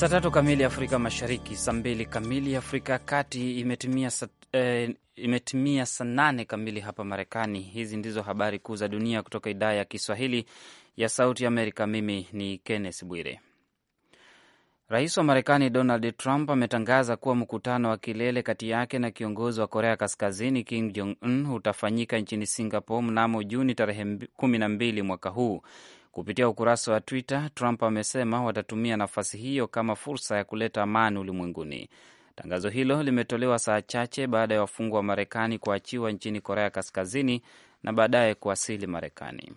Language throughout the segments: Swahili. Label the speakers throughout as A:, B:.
A: saa tatu kamili Afrika Mashariki, saa mbili kamili Afrika ya Kati. Imetimia sat, eh, imetimia saa nane kamili hapa Marekani. Hizi ndizo habari kuu za dunia kutoka idhaa ya Kiswahili ya Sauti Amerika. Mimi ni Kenneth Bwire. Rais wa Marekani Donald Trump ametangaza kuwa mkutano wa kilele kati yake na kiongozi wa Korea Kaskazini Kim Jong Un utafanyika nchini Singapore mnamo Juni tarehe kumi na mbili mwaka huu. Kupitia ukurasa wa Twitter, Trump amesema watatumia nafasi hiyo kama fursa ya kuleta amani ulimwenguni. Tangazo hilo limetolewa saa chache baada ya wafungwa wa Marekani kuachiwa nchini Korea Kaskazini na baadaye kuwasili Marekani.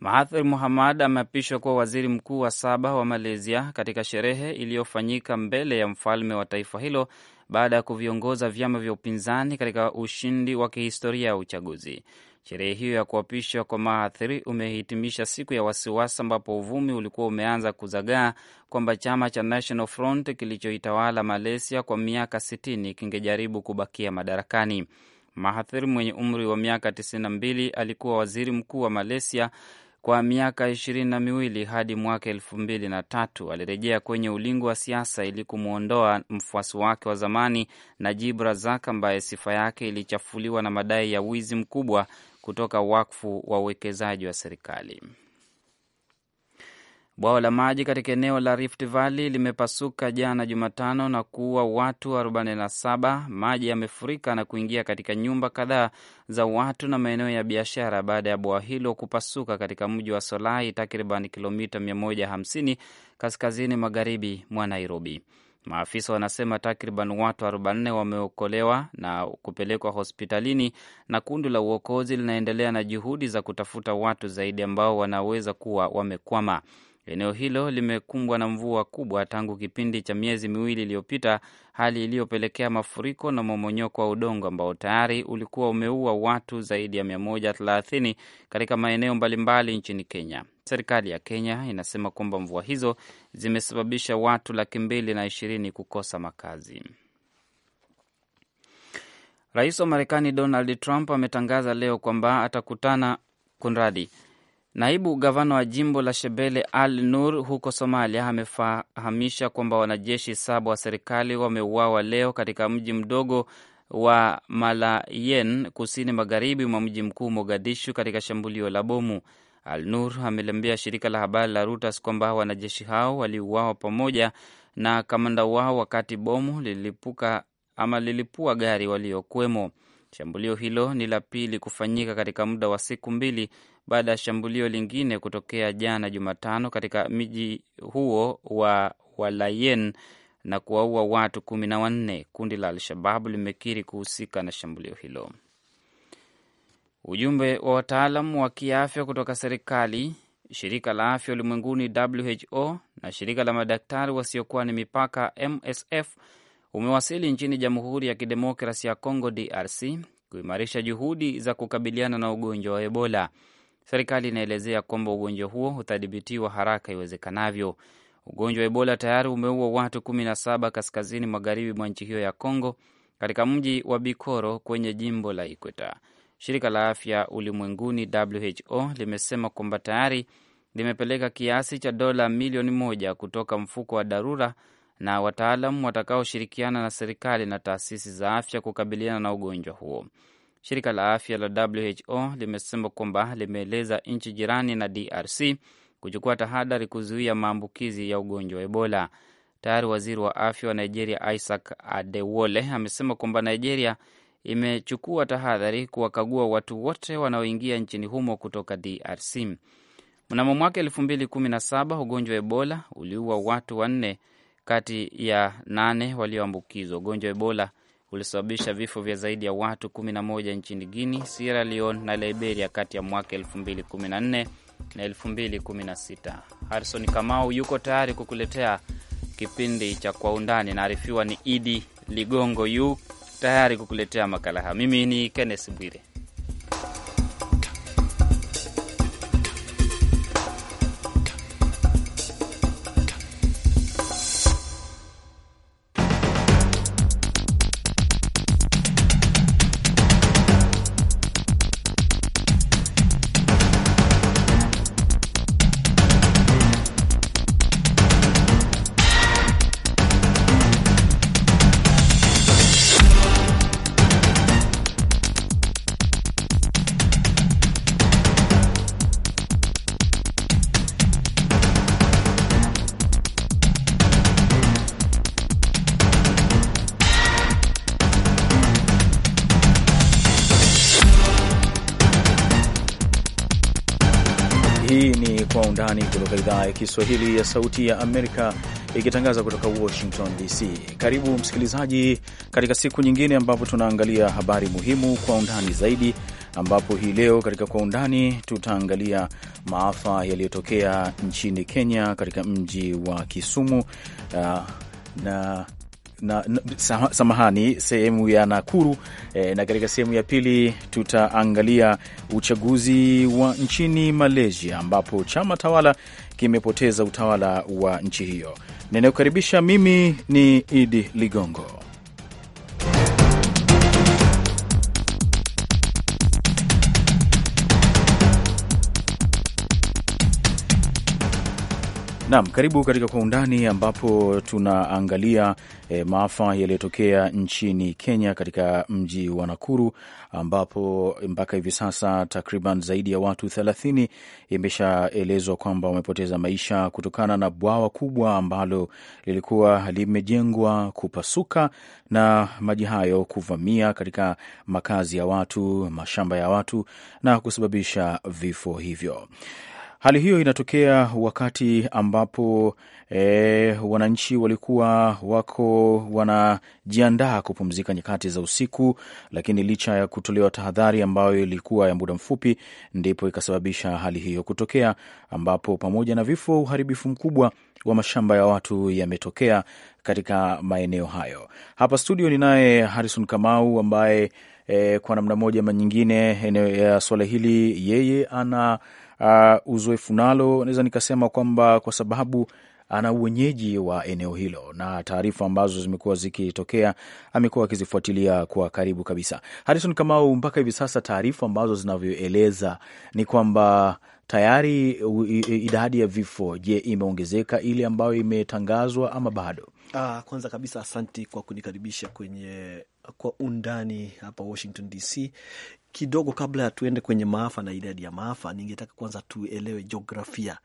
A: Mahathir Muhamad ameapishwa kuwa waziri mkuu wa saba wa Malaysia katika sherehe iliyofanyika mbele ya mfalme wa taifa hilo baada ya kuviongoza vyama vya upinzani katika ushindi wa kihistoria ya uchaguzi. Sherehe hiyo ya kuapishwa kwa Mahathiri umehitimisha siku ya wasiwasi, ambapo uvumi ulikuwa umeanza kuzagaa kwamba chama cha National Front kilichoitawala Malaysia kwa miaka 60 kingejaribu kubakia madarakani. Mahathir mwenye umri wa miaka 92 alikuwa waziri mkuu wa Malaysia kwa miaka ishirini na miwili hadi mwaka elfu mbili na tatu alirejea kwenye ulingo wa siasa ili kumwondoa mfuasi wake wa zamani Najib Razak ambaye sifa yake ilichafuliwa na madai ya wizi mkubwa kutoka wakfu wa uwekezaji wa serikali. Bwawa la maji katika eneo la Rift Valley limepasuka jana Jumatano na kuua watu 47. Maji yamefurika na kuingia katika nyumba kadhaa za watu na maeneo ya biashara baada ya bwawa hilo kupasuka katika mji wa Solai, takriban kilomita 150 kaskazini magharibi mwa Nairobi. Maafisa wanasema takriban watu 40 wameokolewa na kupelekwa hospitalini na kundi la uokozi linaendelea na juhudi za kutafuta watu zaidi ambao wanaweza kuwa wamekwama. Eneo hilo limekumbwa na mvua kubwa tangu kipindi cha miezi miwili iliyopita, hali iliyopelekea mafuriko na momonyoko wa udongo ambao tayari ulikuwa umeua watu zaidi ya 130 katika maeneo mbalimbali nchini Kenya. Serikali ya Kenya inasema kwamba mvua hizo zimesababisha watu laki mbili na ishirini kukosa makazi. Rais wa Marekani Donald Trump ametangaza leo kwamba atakutana kunradi Naibu gavana wa jimbo la Shebele Al Nur huko Somalia amefahamisha kwamba wanajeshi saba wa serikali wameuawa leo katika mji mdogo wa Malayen kusini magharibi mwa mji mkuu Mogadishu katika shambulio la bomu. Al Nur ameliambia shirika la habari la Reuters kwamba wanajeshi hao waliuawa pamoja na kamanda wao wakati bomu lilipuka ama lilipua gari waliokwemo. Shambulio hilo ni la pili kufanyika katika muda wa siku mbili baada ya shambulio lingine kutokea jana Jumatano katika mji huo wa Walayen na kuwaua watu kumi na wanne. Kundi la al shabab limekiri kuhusika na shambulio hilo. Ujumbe wa wataalam wa kiafya kutoka serikali, shirika la afya ulimwenguni WHO na shirika la madaktari wasiokuwa na mipaka MSF umewasili nchini Jamhuri ya Kidemokrasi ya congo DRC, kuimarisha juhudi za kukabiliana na ugonjwa wa Ebola. Serikali inaelezea kwamba ugonjwa huo utadhibitiwa haraka iwezekanavyo. Ugonjwa wa Ebola tayari umeua watu 17 kaskazini magharibi mwa nchi hiyo ya congo katika mji wa Bikoro kwenye jimbo la Ikweta. Shirika la afya ulimwenguni WHO limesema kwamba tayari limepeleka kiasi cha dola milioni moja kutoka mfuko wa dharura na wataalam watakaoshirikiana na serikali na taasisi za afya kukabiliana na ugonjwa huo. Shirika la afya la WHO limesema kwamba limeeleza nchi jirani na DRC kuchukua tahadhari kuzuia maambukizi ya ugonjwa wa Ebola. Tayari waziri wa afya wa Nigeria Isaac Adewole amesema kwamba Nigeria imechukua tahadhari kuwakagua watu wote wanaoingia nchini humo kutoka DRC. Mnamo mwaka 2017 ugonjwa wa Ebola uliua watu wanne kati ya nane walioambukizwa ugonjwa wa Ebola ulisababisha vifo vya zaidi ya watu 11 nchini Guini, Sierra Leone na Liberia kati ya mwaka 2014 na 2016. harison Kamau yuko tayari kukuletea kipindi cha Kwa Undani. Naarifiwa ni Idi Ligongo yu tayari kukuletea makala haya. Mimi ni Kenneth Bwire.
B: undani kutoka idhaa ya Kiswahili ya Sauti ya Amerika ikitangaza kutoka Washington DC. Karibu msikilizaji, katika siku nyingine ambapo tunaangalia habari muhimu kwa undani zaidi, ambapo hii leo katika kwa undani tutaangalia maafa yaliyotokea nchini Kenya katika mji wa Kisumu uh, na na, na, samahani sehemu ya Nakuru eh, na katika sehemu ya pili tutaangalia uchaguzi wa nchini Malaysia ambapo chama tawala kimepoteza utawala wa nchi hiyo. Ninayokaribisha mimi ni Idi Ligongo. Naam, karibu katika Kwa Undani ambapo tunaangalia e, maafa yaliyotokea nchini Kenya katika mji wa Nakuru ambapo mpaka hivi sasa takriban zaidi ya watu thelathini imeshaelezwa kwamba wamepoteza maisha kutokana na bwawa kubwa ambalo lilikuwa limejengwa kupasuka na maji hayo kuvamia katika makazi ya watu, mashamba ya watu na kusababisha vifo hivyo. Hali hiyo inatokea wakati ambapo e, wananchi walikuwa wako wanajiandaa kupumzika nyakati za usiku, lakini licha ya kutolewa tahadhari ambayo ilikuwa ya muda mfupi, ndipo ikasababisha hali hiyo kutokea, ambapo pamoja na vifo, uharibifu mkubwa wa mashamba ya watu yametokea katika maeneo hayo. Hapa studio ninaye Harrison Kamau ambaye e, kwa namna moja ama nyingine, eneo ya swala hili yeye ana uh, uzoefu nalo, naweza nikasema kwamba kwa sababu ana uwenyeji wa eneo hilo na taarifa ambazo zimekuwa zikitokea amekuwa akizifuatilia kwa karibu kabisa. Harison Kamau, mpaka hivi sasa taarifa ambazo zinavyoeleza ni kwamba tayari idadi ya vifo, je, imeongezeka ile ambayo imetangazwa ama bado?
C: Ah, kwanza kabisa asanti kwa kunikaribisha kwenye kwa undani hapa Washington DC. Kidogo kabla ya tuende kwenye maafa na idadi ya maafa, ningetaka kwanza tuelewe jiografia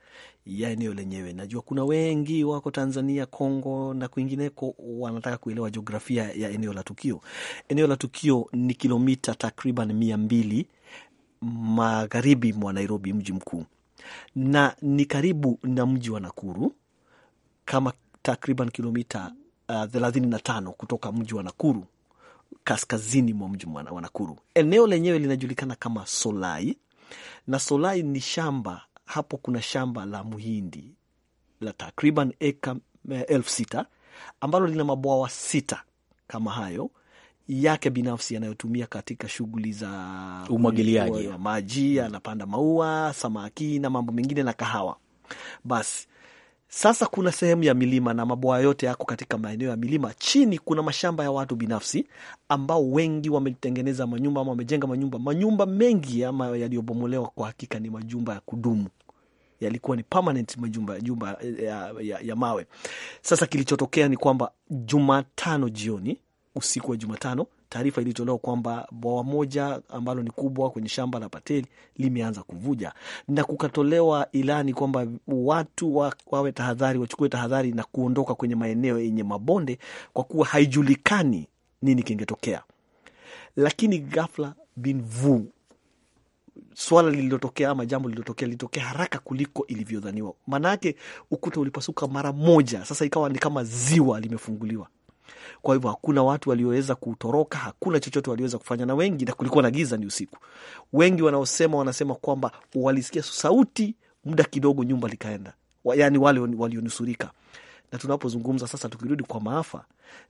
C: ya eneo lenyewe. Najua kuna wengi wako Tanzania, Kongo na kwingineko, wanataka kuelewa jiografia ya eneo la tukio. Eneo la tukio ni kilomita takriban mia mbili magharibi mwa Nairobi, mji mkuu, na ni karibu na mji wa Nakuru kama takriban kilomita uh, thelathini na tano kutoka mji wa Nakuru kaskazini mwa mji wa Nakuru. Eneo lenyewe linajulikana kama Solai, na Solai ni shamba hapo, kuna shamba la muhindi la takriban eka eh, elfu sita ambalo lina mabwawa sita kama hayo yake binafsi yanayotumia katika shughuli za umwagiliaji wa maji, anapanda maua, samaki na mambo mengine na kahawa. Basi sasa kuna sehemu ya milima na mabwawa yote yako katika maeneo ya milima. Chini kuna mashamba ya watu binafsi ambao wengi wametengeneza manyumba ama wamejenga manyumba. Manyumba mengi ama yaliyobomolewa kwa hakika ni majumba ya kudumu, yalikuwa ni permanent majumba, jumba eh, ya, ya, ya mawe. Sasa kilichotokea ni kwamba Jumatano jioni, usiku wa Jumatano, taarifa ilitolewa kwamba bwawa moja ambalo ni kubwa kwenye shamba la Pateli limeanza kuvuja na kukatolewa ilani kwamba watu wa, wawe tahadhari, wachukue tahadhari na kuondoka kwenye maeneo yenye mabonde kwa kuwa haijulikani nini kingetokea. Lakini ghafla binvu swala lililotokea ama jambo lililotokea lilitokea haraka kuliko ilivyodhaniwa. Maana ukuta ulipasuka mara moja, sasa ikawa ni kama ziwa limefunguliwa. Kwa hivyo hakuna watu walioweza kutoroka, hakuna chochote walioweza kufanya, na wengi na kulikuwa na giza, ni usiku. Wengi wanaosema wanasema kwamba walisikia sauti muda kidogo, nyumba likaenda, yaani wale walionusurika. Na tunapozungumza sasa, tukirudi kwa maafa,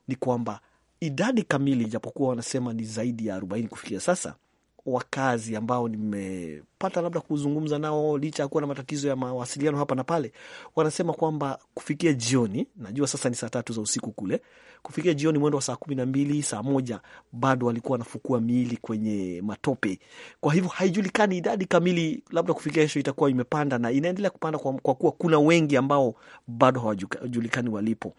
C: ni kwamba idadi kamili, japokuwa wanasema ni zaidi ya arobaini kufikia sasa wakazi ambao nimepata labda kuzungumza nao, licha ya kuwa na matatizo ya mawasiliano hapa na pale, wanasema kwamba kufikia jioni, najua sasa ni saa tatu za usiku kule, kufikia jioni mwendo wa saa kumi na mbili saa moja bado walikuwa wanafukua miili kwenye matope. Kwa hivyo haijulikani idadi kamili, labda kufikia kesho itakuwa imepanda na inaendelea kupanda, kwa, kwa kuwa kuna wengi ambao bado hawajulikani walipo.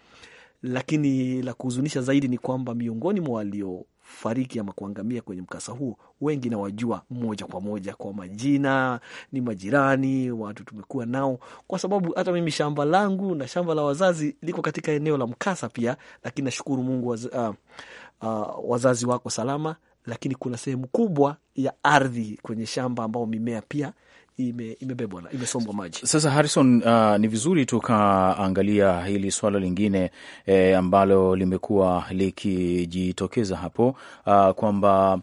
C: Lakini la kuhuzunisha zaidi ni kwamba miongoni mwa walio kufariki ama kuangamia kwenye mkasa huo, wengi nawajua moja kwa moja kwa majina, ni majirani, watu tumekuwa nao, kwa sababu hata mimi shamba langu na shamba la wazazi liko katika eneo la mkasa pia, lakini nashukuru Mungu waz, uh, uh, wazazi wako salama, lakini kuna sehemu kubwa ya ardhi kwenye shamba ambao mimea pia imebebwa ime imesombwa maji. Sasa Harrison,
B: uh, ni vizuri tukaangalia hili swala lingine eh, ambalo limekuwa likijitokeza hapo uh, kwamba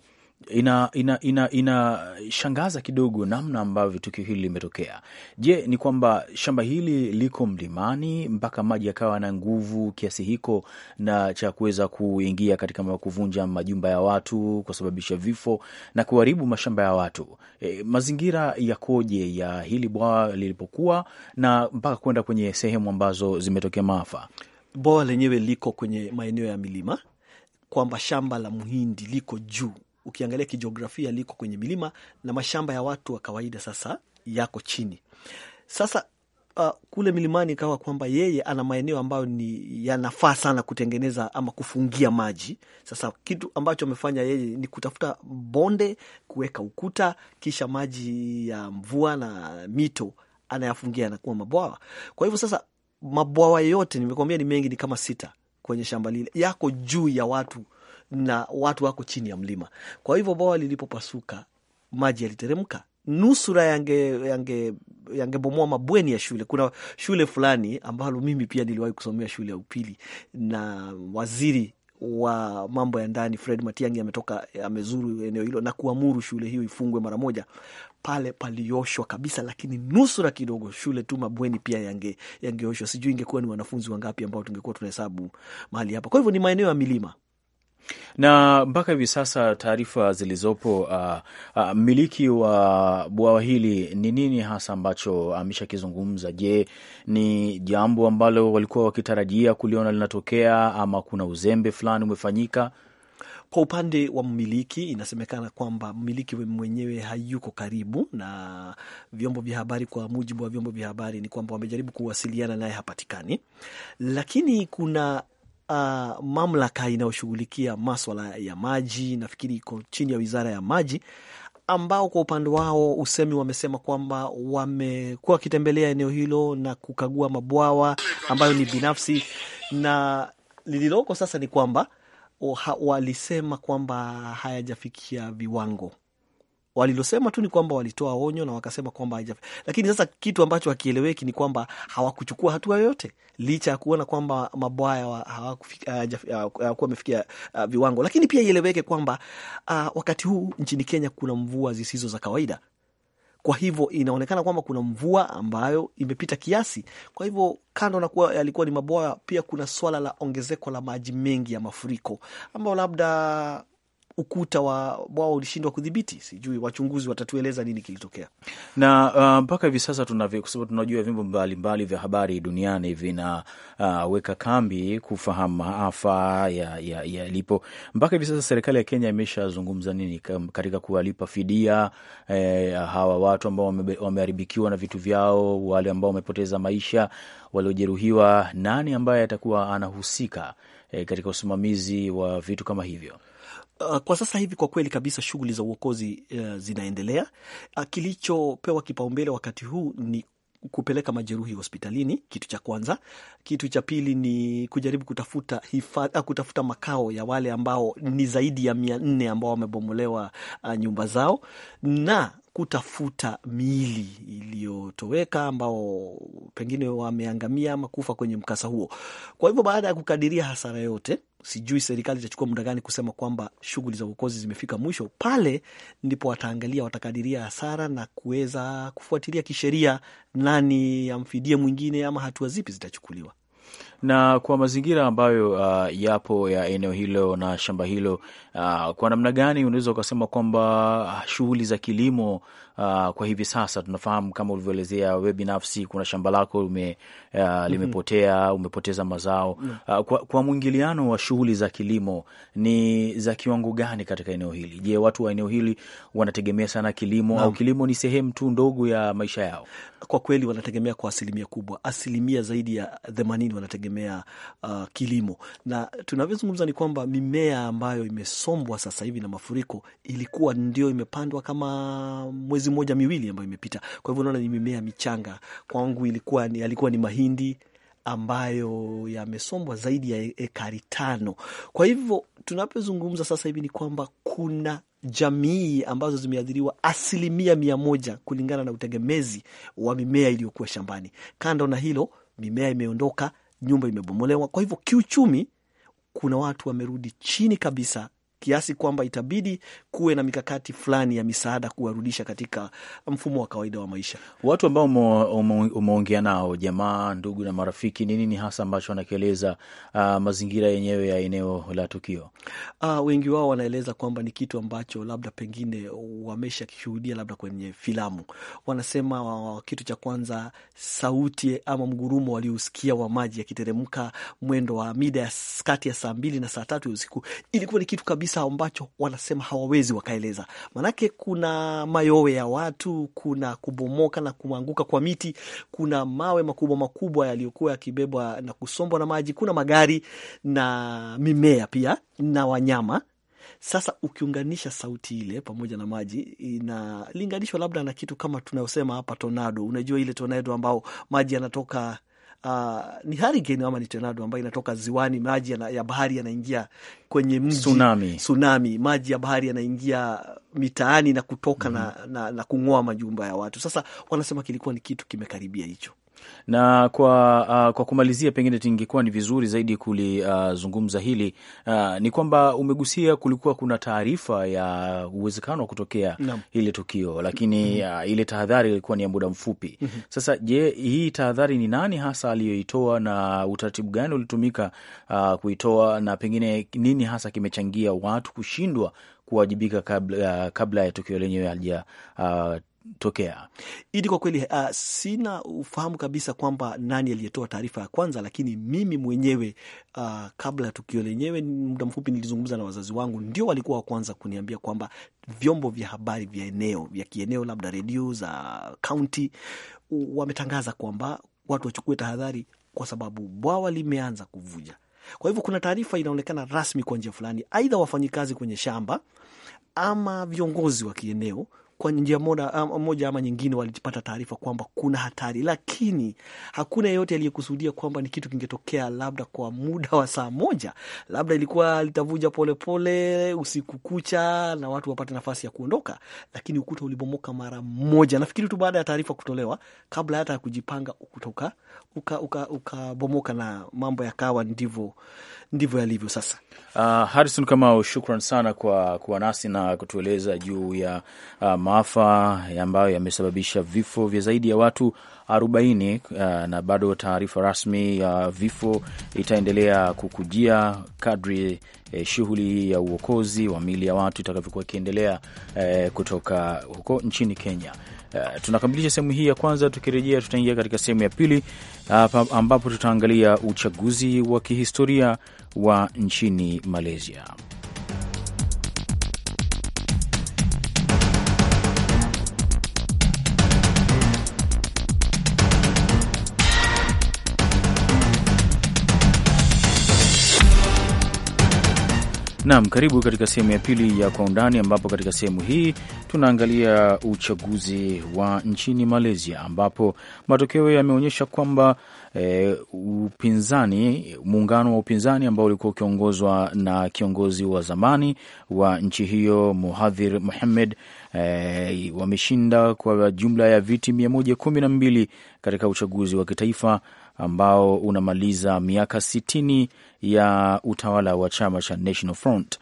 B: inashangaza ina, ina, ina kidogo namna ambavyo tukio hili limetokea. Je, ni kwamba shamba hili liko mlimani mpaka maji yakawa na nguvu kiasi hiko na cha kuweza kuingia katika kuvunja majumba ya watu, kusababisha vifo na kuharibu mashamba ya watu? E, mazingira yakoje ya hili bwawa lilipokuwa na mpaka kwenda kwenye sehemu ambazo zimetokea maafa? Bwawa lenyewe liko kwenye maeneo ya milima, kwamba shamba la muhindi
C: liko juu ukiangalia kijiografia liko kwenye milima na mashamba ya watu wa kawaida sasa yako chini. Sasa uh, kule milimani ikawa kwamba yeye ana maeneo ambayo ni yanafaa sana kutengeneza ama kufungia maji. Sasa kitu ambacho amefanya yeye ni kutafuta bonde, kuweka ukuta, kisha maji ya mvua na mito anayafungia, anakuwa mabwawa. Kwa hivyo sasa mabwawa yote nimekuambia ni mengi, ni kama sita kwenye shamba lile, yako juu ya watu na watu wako chini ya mlima. Kwa hivyo bwawa lilipopasuka, maji yaliteremka nusura yangebomoa yange, yange mabweni ya shule. Kuna shule fulani ambalo mimi pia niliwahi kusomea shule ya upili, na waziri wa mambo ya ndani Fred Matiang'i ametoka amezuru eneo hilo na kuamuru shule hiyo ifungwe mara moja. Pale palioshwa kabisa, lakini nusura kidogo shule tu, mabweni pia yange yangeoshwa. Sijui ingekuwa ni wanafunzi wangapi ambao tungekuwa tunahesabu mahali hapa. Kwa hivyo ni maeneo ya milima
B: na mpaka hivi sasa taarifa zilizopo, uh, uh, mmiliki wa bwawa hili ni nini hasa ambacho ameshakizungumza? Je, ni jambo ambalo walikuwa wakitarajia kuliona linatokea ama kuna uzembe fulani umefanyika? Kwa upande wa mmiliki inasemekana kwamba mmiliki mwenyewe hayuko karibu na
C: vyombo vya habari. Kwa mujibu wa vyombo vya habari ni kwamba wamejaribu kuwasiliana naye, hapatikani, lakini kuna uh, mamlaka inayoshughulikia maswala ya maji, nafikiri iko chini ya wizara ya maji, ambao kwa upande wao usemi wamesema kwamba wamekuwa wakitembelea eneo hilo na kukagua mabwawa ambayo ni binafsi, na lililoko sasa ni kwamba oh, walisema kwamba hayajafikia viwango walilosema tu ni kwamba walitoa onyo na wakasema kwamba haija, lakini sasa kitu ambacho hakieleweki ni kwamba hawakuchukua hatua yoyote licha ya kuona kwamba mabwaya hawakuwa wamefikia uh, viwango. Lakini pia ieleweke kwamba uh, wakati huu nchini Kenya kuna mvua zisizo za kawaida kwa hivyo inaonekana kwamba kuna mvua ambayo imepita kiasi. Kwa hivyo kando na kuwa yalikuwa ni mabwawa, pia kuna swala la ongezeko la maji mengi ya mafuriko ambayo labda ukuta wa bwawa ulishindwa kudhibiti. Sijui wachunguzi watatueleza nini kilitokea,
B: na uh, mpaka uh, hivi sasa tunavyo, kwa sababu tunajua vyombo mbalimbali vya habari duniani vinaweka uh, kambi kufahamu maafa yalipo ya, ya mpaka hivi sasa serikali ya Kenya imeshazungumza nini katika kuwalipa fidia eh, hawa watu ambao wameharibikiwa na vitu vyao, wale ambao wamepoteza maisha, waliojeruhiwa. Nani ambaye atakuwa anahusika eh, katika usimamizi wa vitu kama hivyo? Uh, kwa sasa hivi kwa kweli kabisa shughuli za uokozi uh, zinaendelea. Uh, kilichopewa
C: kipaumbele wakati huu ni kupeleka majeruhi hospitalini, kitu cha kwanza. Kitu cha pili ni kujaribu kutafuta hifadhi, uh, kutafuta makao ya wale ambao ni zaidi ya mia nne ambao wamebomolewa uh, nyumba zao na kutafuta miili iliyotoweka ambao pengine wameangamia ama kufa kwenye mkasa huo. Kwa hivyo baada ya kukadiria hasara yote sijui serikali itachukua muda gani kusema kwamba shughuli za uokozi zimefika mwisho. Pale ndipo wataangalia, watakadiria hasara na kuweza kufuatilia kisheria nani amfidie mwingine ama hatua zipi zitachukuliwa
B: na kwa mazingira ambayo uh, yapo ya eneo hilo na shamba hilo uh, kwa namna gani unaweza ukasema kwamba uh, shughuli za kilimo uh, kwa hivi sasa tunafahamu kama ulivyoelezea wewe binafsi, kuna shamba lako ume, uh, mm -hmm. limepotea, umepoteza mazao mm -hmm. uh, kwa, kwa mwingiliano wa shughuli za kilimo ni za kiwango gani katika eneo hili? Je, watu wa eneo hili wanategemea sana kilimo mm au kilimo ni sehemu tu ndogo ya maisha yao? Kwa kweli wanategemea kwa asilimia kubwa, asilimia zaidi ya themanini wanategemea
C: uh, kilimo, na tunavyozungumza ni kwamba mimea ambayo imesombwa sasa hivi na mafuriko ilikuwa ndio imepandwa kama mwezi miezi moja miwili ambayo imepita. Kwa hivyo unaona ni mimea michanga. Kwangu ilikuwa ni, alikuwa ni mahindi ambayo yamesombwa zaidi ya ekari tano. Kwa hivyo tunapozungumza sasa hivi ni kwamba kuna jamii ambazo zimeathiriwa asilimia mia moja kulingana na utegemezi wa mimea iliyokuwa shambani. Kando na hilo, mimea imeondoka, nyumba imebomolewa. Kwa hivyo kiuchumi, kuna watu wamerudi chini kabisa kiasi kwamba itabidi kuwe na mikakati fulani ya misaada kuwarudisha katika mfumo wa kawaida wa
B: maisha. Watu ambao umeongea nao, jamaa, ndugu na marafiki, ni nini hasa ambacho wanakieleza uh, mazingira yenyewe ya eneo la tukio? Uh, wengi wao wanaeleza
C: kwamba ni kitu ambacho labda pengine wamesha kishuhudia labda kwenye filamu. Wanasema uh, kitu cha kwanza, sauti ama mgurumo waliousikia wa maji yakiteremka mwendo wa mida kati ya saa mbili na saa tatu ya usiku ilikuwa ni kitu kabisa kabisa ambacho wanasema hawawezi wakaeleza, manake kuna mayowe ya watu, kuna kubomoka na kuanguka kwa miti, kuna mawe makubwa makubwa yaliyokuwa yakibebwa na kusombwa na maji, kuna magari na mimea pia na wanyama. Sasa ukiunganisha sauti ile pamoja na maji inalinganishwa labda na kitu kama tunayosema hapa tornado. Unajua ile tornado ambao maji yanatoka uh, ni hurricane ama ni tornado ambayo inatoka ziwani, maji ya, bahari yanaingia kwenye mji, tsunami, tsunami, maji ya bahari yanaingia mitaani na kutoka mm -hmm. na, na, na kung'oa majumba ya watu. Sasa wanasema kilikuwa ni kitu kimekaribia hicho
B: na kwa, uh, kwa kumalizia pengine tingekuwa ni vizuri zaidi kulizungumza uh, hili uh, ni kwamba umegusia, kulikuwa kuna taarifa ya uwezekano wa kutokea no. ile tukio lakini mm -hmm. uh, ile tahadhari ilikuwa ni ya muda mfupi mm -hmm. Sasa je, hii tahadhari ni nani hasa aliyoitoa na utaratibu gani ulitumika uh, kuitoa na pengine nini hasa kimechangia watu kushindwa kuwajibika kabla, uh, kabla ya tukio lenyewe halija uh, tokea
C: Idi, kwa kweli uh, sina ufahamu kabisa kwamba nani aliyetoa taarifa ya kwanza, lakini mimi mwenyewe uh, kabla ya tukio lenyewe, muda mfupi nilizungumza na wazazi wangu, ndio walikuwa wa kwanza kuniambia kwamba vyombo vya habari vya eneo vya kieneo, labda redio za kaunti, wametangaza kwamba watu wachukue tahadhari kwa sababu bwawa limeanza kuvuja. Kwa hivyo kuna taarifa inaonekana rasmi kwa njia fulani, aidha wafanyikazi kwenye shamba ama viongozi wa kieneo kwa njia moja ama nyingine walipata taarifa kwamba kuna hatari, lakini hakuna yeyote aliyekusudia kwamba ni kitu kingetokea labda kwa muda wa saa moja. Labda ilikuwa litavuja polepole usiku kucha na watu wapate nafasi ya kuondoka, lakini ukuta ulibomoka mara moja. Nafikiri tu baada ya taarifa kutolewa, kabla hata ya kujipanga, ukutoka ukabomoka uka, uka, uka na mambo yakawa ndivyo ndivyo yalivyo sasa.
B: Uh, Harrison Kamau, shukran sana kwa kuwa nasi na kutueleza juu ya uh, maafa ambayo yamesababisha vifo vya zaidi ya watu 40 uh, ah, na bado taarifa rasmi ya uh, vifo itaendelea kukujia kadri eh, shughuli ya uokozi wa mili ya watu itakavyokuwa ikiendelea eh, kutoka huko nchini Kenya. Eh, tunakamilisha sehemu hii ya kwanza. Tukirejea tutaingia katika sehemu ya pili uh, ambapo tutaangalia uchaguzi wa kihistoria wa nchini Malaysia. Naam, karibu katika sehemu ya pili ya Kwa Undani, ambapo katika sehemu hii tunaangalia uchaguzi wa nchini Malaysia, ambapo matokeo yameonyesha kwamba e, upinzani, muungano wa upinzani ambao ulikuwa ukiongozwa na kiongozi wa zamani wa nchi hiyo Muhadhir muhamed e, eh, wameshinda kwa jumla ya viti mia moja kumi na mbili katika uchaguzi wa kitaifa ambao unamaliza miaka sitini ya utawala wa chama cha National Front.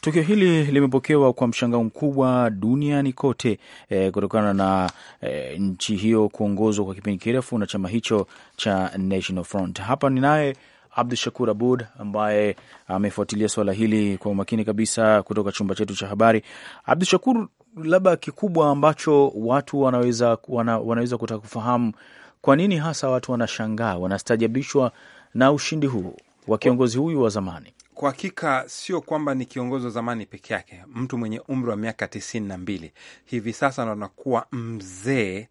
B: Tukio hili limepokewa kwa mshangao mkubwa duniani kote e, kutokana na e, nchi hiyo kuongozwa kwa kipindi kirefu na chama hicho cha National Front. Hapa ninaye Abdu Shakur Abud ambaye amefuatilia swala hili kwa umakini kabisa kutoka chumba chetu cha habari. Abdu Shakur, labda kikubwa ambacho watu wanaweza, wana, wanaweza kutaka kufahamu kwa nini hasa watu wanashangaa, wanastajabishwa na ushindi huu wa kiongozi huyu wa zamani?
D: Kwa hakika sio kwamba ni kiongozi wa zamani peke yake, mtu mwenye umri wa miaka tisini na mbili hivi sasa anakuwa mzee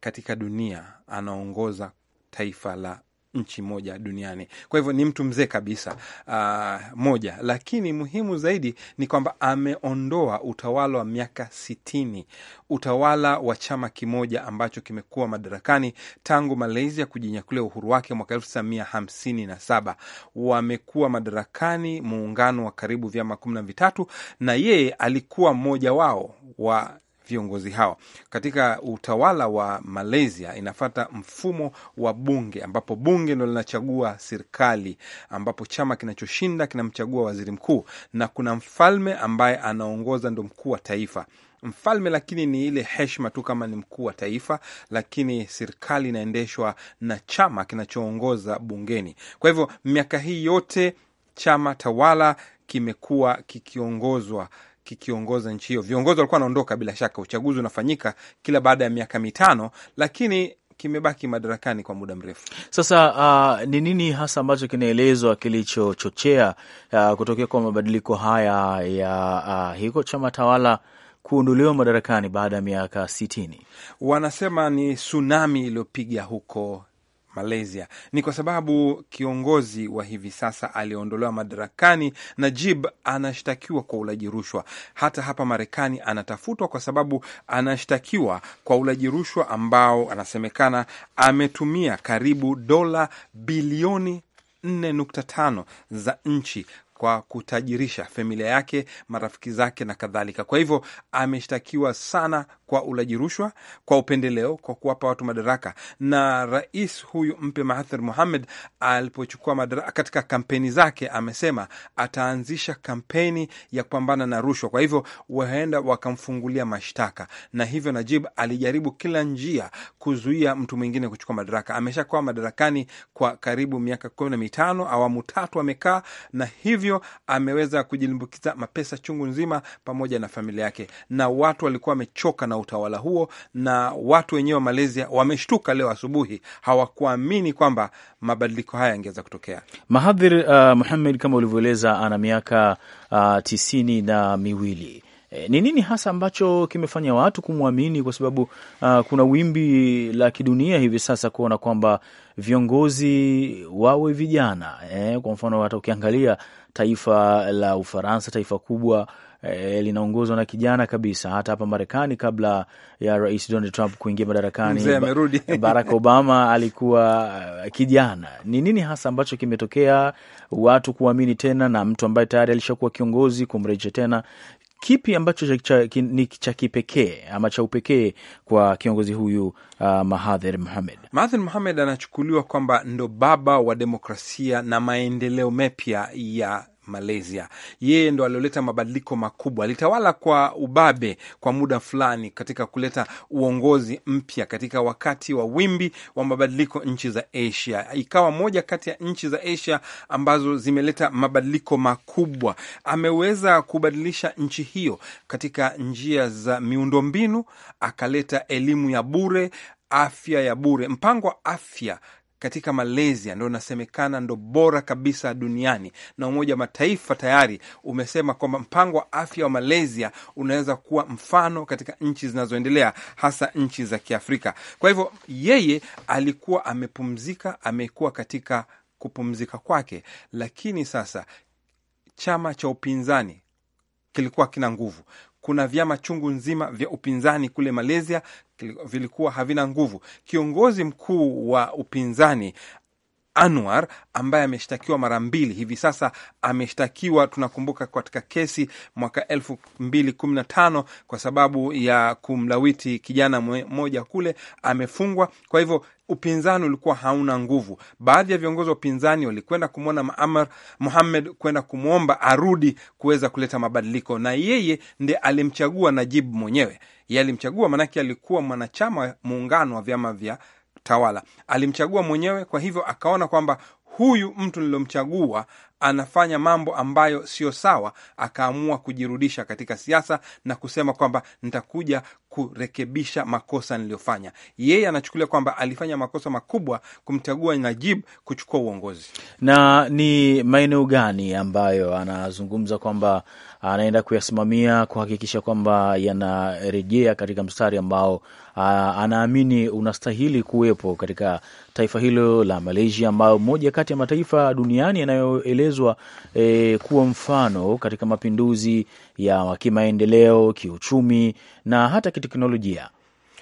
D: katika dunia, anaongoza taifa la nchi moja duniani. Kwa hivyo ni mtu mzee kabisa, uh, moja. Lakini muhimu zaidi ni kwamba ameondoa utawala wa miaka sitini, utawala wa chama kimoja ambacho kimekuwa madarakani tangu Malaysia kujinyakulia uhuru wake mwaka elfu tisa mia hamsini na saba. Wamekuwa madarakani muungano wa karibu vyama kumi na vitatu, na yeye alikuwa mmoja wao wa viongozi hao. Katika utawala wa Malaysia inafata mfumo wa bunge, ambapo bunge ndo linachagua serikali, ambapo chama kinachoshinda kinamchagua waziri mkuu na kuna mfalme ambaye anaongoza ndo mkuu wa taifa mfalme lakini ni ile heshima tu kama ni mkuu wa taifa, lakini serikali inaendeshwa na chama kinachoongoza bungeni. Kwa hivyo miaka hii yote chama tawala kimekuwa kikiongozwa kikiongoza nchi hiyo. Viongozi walikuwa wanaondoka, bila shaka uchaguzi unafanyika kila baada ya miaka mitano, lakini kimebaki madarakani kwa muda mrefu sasa. Uh, ni uh, nini hasa
B: ambacho kinaelezwa kilichochochea uh, kutokea kwa mabadiliko haya ya
D: uh, hiko chama tawala kuondolewa madarakani baada ya miaka sitini? Wanasema ni tsunami iliyopiga huko Malaysia. Ni kwa sababu kiongozi wa hivi sasa aliyeondolewa madarakani Najib anashtakiwa kwa ulaji rushwa. Hata hapa Marekani anatafutwa kwa sababu anashtakiwa kwa ulaji rushwa ambao anasemekana ametumia karibu dola bilioni 4.5 za nchi kwa kutajirisha familia yake, marafiki zake na kadhalika. Kwa hivyo ameshtakiwa sana kwa ulaji rushwa, kwa upendeleo, kwa kuwapa watu madaraka. Na rais huyu mpya Mahathir muhamed alipochukua madaraka, katika kampeni zake amesema ataanzisha kampeni ya kupambana na rushwa. Kwa hivyo waenda wakamfungulia mashtaka, na hivyo Najib alijaribu kila njia kuzuia mtu mwingine kuchukua madaraka. Ameshakuwa madarakani kwa karibu miaka kumi na mitano, awamu tatu amekaa na hivyo hiyo ameweza kujilimbukiza mapesa chungu nzima pamoja na familia yake, na watu walikuwa wamechoka na utawala huo, na watu wenyewe wa Malaysia wameshtuka leo asubuhi, hawakuamini kwamba mabadiliko haya yangeweza kutokea.
B: Mahadhir uh, Muhamed, kama ulivyoeleza, ana miaka uh, tisini na miwili. E, ni nini hasa ambacho kimefanya watu kumwamini? Kwa sababu uh, kuna wimbi la kidunia hivi sasa kuona kwamba viongozi wawe vijana eh. Kwa mfano hata ukiangalia taifa la Ufaransa, taifa kubwa E, linaongozwa na kijana kabisa. Hata hapa Marekani kabla ya Rais Donald Trump kuingia madarakani Barack Obama alikuwa eh, kijana. Ni nini hasa ambacho kimetokea watu kuamini tena na mtu ambaye tayari alishakuwa kiongozi kumrejesha tena kipi ambacho ni cha kipekee ama cha upekee kwa kiongozi huyu uh, Mahathir Muhamed?
D: Mahathir Muhamed anachukuliwa kwamba ndo baba wa demokrasia na maendeleo mapya ya Malaysia. Yeye ndo alioleta mabadiliko makubwa, alitawala kwa ubabe kwa muda fulani katika kuleta uongozi mpya katika wakati wa wimbi wa mabadiliko nchi za Asia. Ikawa moja kati ya nchi za Asia ambazo zimeleta mabadiliko makubwa. Ameweza kubadilisha nchi hiyo katika njia za miundombinu, akaleta elimu ya bure afya ya bure, mpango wa afya katika Malaysia ndo inasemekana ndo bora kabisa duniani, na Umoja wa Mataifa tayari umesema kwamba mpango wa afya wa Malaysia unaweza kuwa mfano katika nchi zinazoendelea, hasa nchi za Kiafrika. Kwa hivyo yeye alikuwa amepumzika, amekuwa katika kupumzika kwake, lakini sasa chama cha upinzani kilikuwa kina nguvu. Kuna vyama chungu nzima vya upinzani kule Malaysia vilikuwa havina nguvu. Kiongozi mkuu wa upinzani Anwar ambaye ameshtakiwa mara mbili hivi sasa. Ameshtakiwa, tunakumbuka katika kesi mwaka elfu mbili kumi na tano kwa sababu ya kumlawiti kijana mmoja kule, amefungwa. Kwa hivyo upinzani ulikuwa hauna nguvu. Baadhi ya viongozi wa upinzani walikwenda kumwona Maamar Muhamed kwenda kumwomba arudi kuweza kuleta mabadiliko, na yeye ndiye alimchagua Najib mwenyewe, yeye alimchagua, maanake alikuwa mwanachama muungano wa vyama vya tawala. Alimchagua mwenyewe, kwa hivyo akaona kwamba huyu mtu nilomchagua anafanya mambo ambayo siyo sawa, akaamua kujirudisha katika siasa na kusema kwamba nitakuja kurekebisha makosa niliyofanya. Yeye anachukulia kwamba alifanya makosa makubwa kumchagua Najib kuchukua uongozi.
B: Na ni maeneo gani ambayo anazungumza kwamba anaenda kuyasimamia kuhakikisha kwamba yanarejea katika mstari ambao anaamini unastahili kuwepo katika taifa hilo la Malaysia, ambayo moja kati ya mataifa duniani yanayoelezwa eh, kuwa mfano katika mapinduzi ya kimaendeleo, kiuchumi na hata kiteknolojia.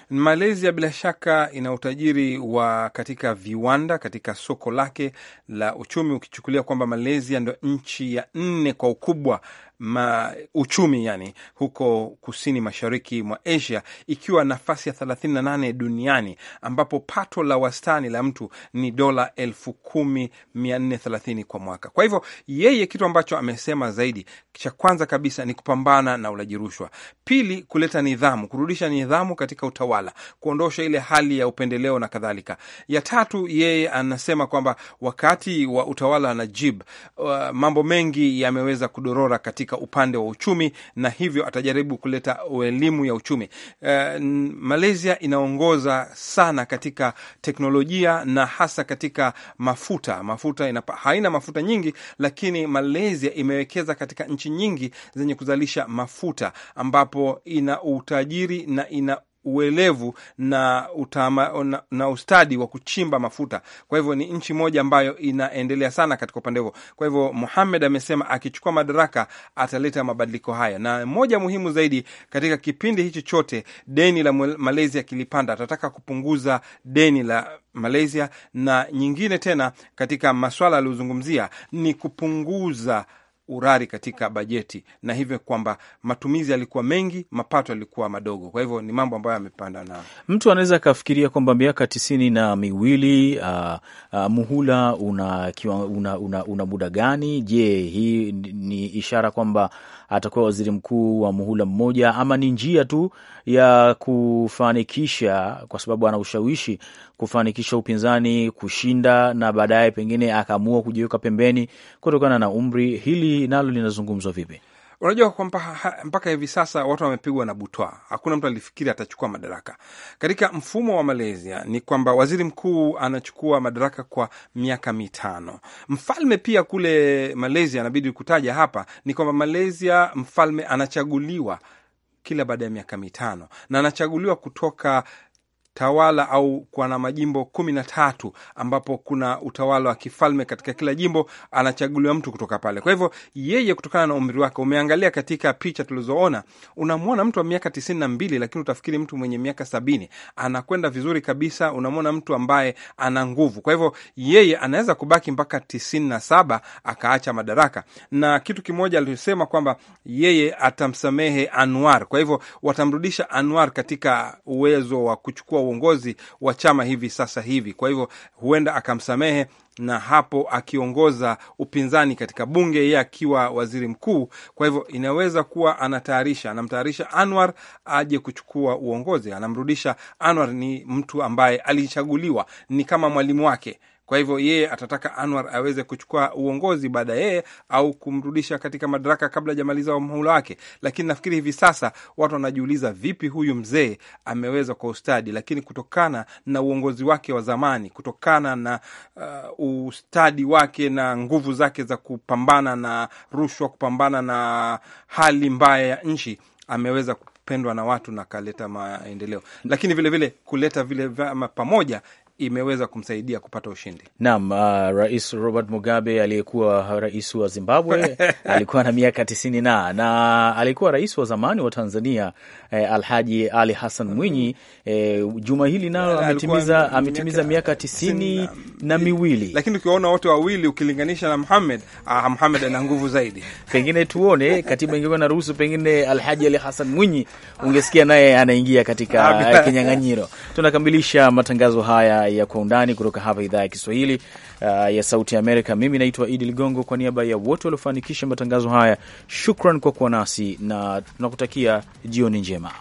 D: Malaysia bila shaka ina utajiri wa katika viwanda katika soko lake la uchumi, ukichukulia kwamba Malaysia ndo nchi ya nne kwa ukubwa ma, uchumi yani huko kusini mashariki mwa Asia, ikiwa nafasi ya 38 duniani ambapo pato la wastani la mtu ni dola 10430 kwa mwaka. Kwa hivyo yeye kitu ambacho amesema zaidi cha kwanza kabisa ni kupambana na ulaji rushwa, pili kuleta nidhamu, kurudisha nidhamu katika utawala, kuondosha ile hali ya upendeleo na kadhalika. Ya tatu yeye anasema kwamba wakati wa utawala wa Najib uh, mambo mengi yameweza kudorora katika katika upande wa uchumi, na hivyo atajaribu kuleta elimu ya uchumi. Uh, Malaysia inaongoza sana katika teknolojia na hasa katika mafuta. Mafuta inapa, haina mafuta nyingi, lakini Malaysia imewekeza katika nchi nyingi zenye kuzalisha mafuta ambapo ina utajiri na ina uelevu na, utama, na, na ustadi wa kuchimba mafuta. Kwa hivyo ni nchi moja ambayo inaendelea sana katika upande huo. Kwa hivyo muhamed amesema akichukua madaraka ataleta mabadiliko haya, na moja muhimu zaidi katika kipindi hichi chote, deni la Malaysia kilipanda, atataka kupunguza deni la Malaysia, na nyingine tena katika maswala aliyozungumzia ni kupunguza urari katika bajeti, na hivyo kwamba matumizi yalikuwa mengi, mapato yalikuwa madogo. Kwa hivyo ni mambo ambayo yamepanda, na
B: mtu anaweza akafikiria kwamba miaka tisini na miwili uh, uh, muhula una, una, una, una muda gani? Je, hii ni ishara kwamba atakuwa waziri mkuu wa muhula mmoja, ama ni njia tu ya kufanikisha, kwa sababu ana ushawishi kufanikisha upinzani kushinda, na baadaye pengine akaamua kujiweka pembeni kutokana na umri? Hili nalo linazungumzwa vipi?
D: Unajua kwamba mpaka hivi sasa watu wamepigwa na butwa, hakuna mtu alifikiri atachukua madaraka. Katika mfumo wa Malaysia ni kwamba waziri mkuu anachukua madaraka kwa miaka mitano. Mfalme pia kule Malaysia, anabidi kutaja hapa ni kwamba Malaysia mfalme anachaguliwa kila baada ya miaka mitano na anachaguliwa kutoka tawala au na majimbo kumi na tatu ambapo kuna utawala wa kifalme katika kila jimbo, anachaguliwa mtu kutoka pale. Kwa hivyo yeye, kutokana na umri wake, umeangalia katika picha tulizoona, unamwona mtu wa miaka tisini na mbili, lakini utafikiri mtu mwenye miaka sabini anakwenda vizuri kabisa. Unamwona mtu ambaye ana nguvu. Kwa hivyo yeye anaweza kubaki mpaka tisini na saba akaacha madaraka, na kitu kimoja alichosema kwamba yeye atamsamehe Anwar. Kwa hivyo watamrudisha Anwar katika uwezo wa kuchukua kuchukua uongozi wa chama hivi sasa hivi. Kwa hivyo huenda akamsamehe na hapo akiongoza upinzani katika bunge, yeye akiwa waziri mkuu. Kwa hivyo inaweza kuwa anatayarisha, anamtayarisha Anwar aje kuchukua uongozi, anamrudisha Anwar. Ni mtu ambaye alichaguliwa, ni kama mwalimu wake, kwa hivyo yeye atataka Anwar aweze kuchukua uongozi baada yeye au kumrudisha katika madaraka kabla jamaliza wa wake. Lakini nafikiri hivi sasa watu wanajiuliza vipi huyu mzee ameweza kwa ustadi, lakini kutokana na uongozi wake wa zamani, kutokana na uh, ustadi wake na nguvu zake za kupambana na rushwa, kupambana na hali mbaya ya nchi ameweza kupendwa na watu na kaleta maendeleo, lakini vilevile vile kuleta vile vyama pamoja imeweza kumsaidia kupata ushindi.
B: Naam, uh, Rais Robert Mugabe aliyekuwa rais wa Zimbabwe alikuwa na miaka tisini na na alikuwa rais wa zamani wa Tanzania eh, Alhaji Ali Hassan Mwinyi eh, juma hili nalo
D: ametimiza ametimiza miaka tisini na miwili, lakini ukiwaona wote wawili ukilinganisha na Muhamed, ah, Muhamed ana nguvu zaidi pengine tuone katiba ingekuwa na ruhusu, pengine
B: Alhaji Ali Hassan Mwinyi ungesikia naye anaingia katika eh, kinyang'anyiro. Tunakamilisha matangazo haya ya Kwa Undani kutoka hapa idhaa ya Kiswahili uh, ya Sauti Amerika. Mimi naitwa Idi Ligongo, kwa niaba ya wote waliofanikisha matangazo haya, shukran kwa kuwa nasi na tunakutakia jioni njema.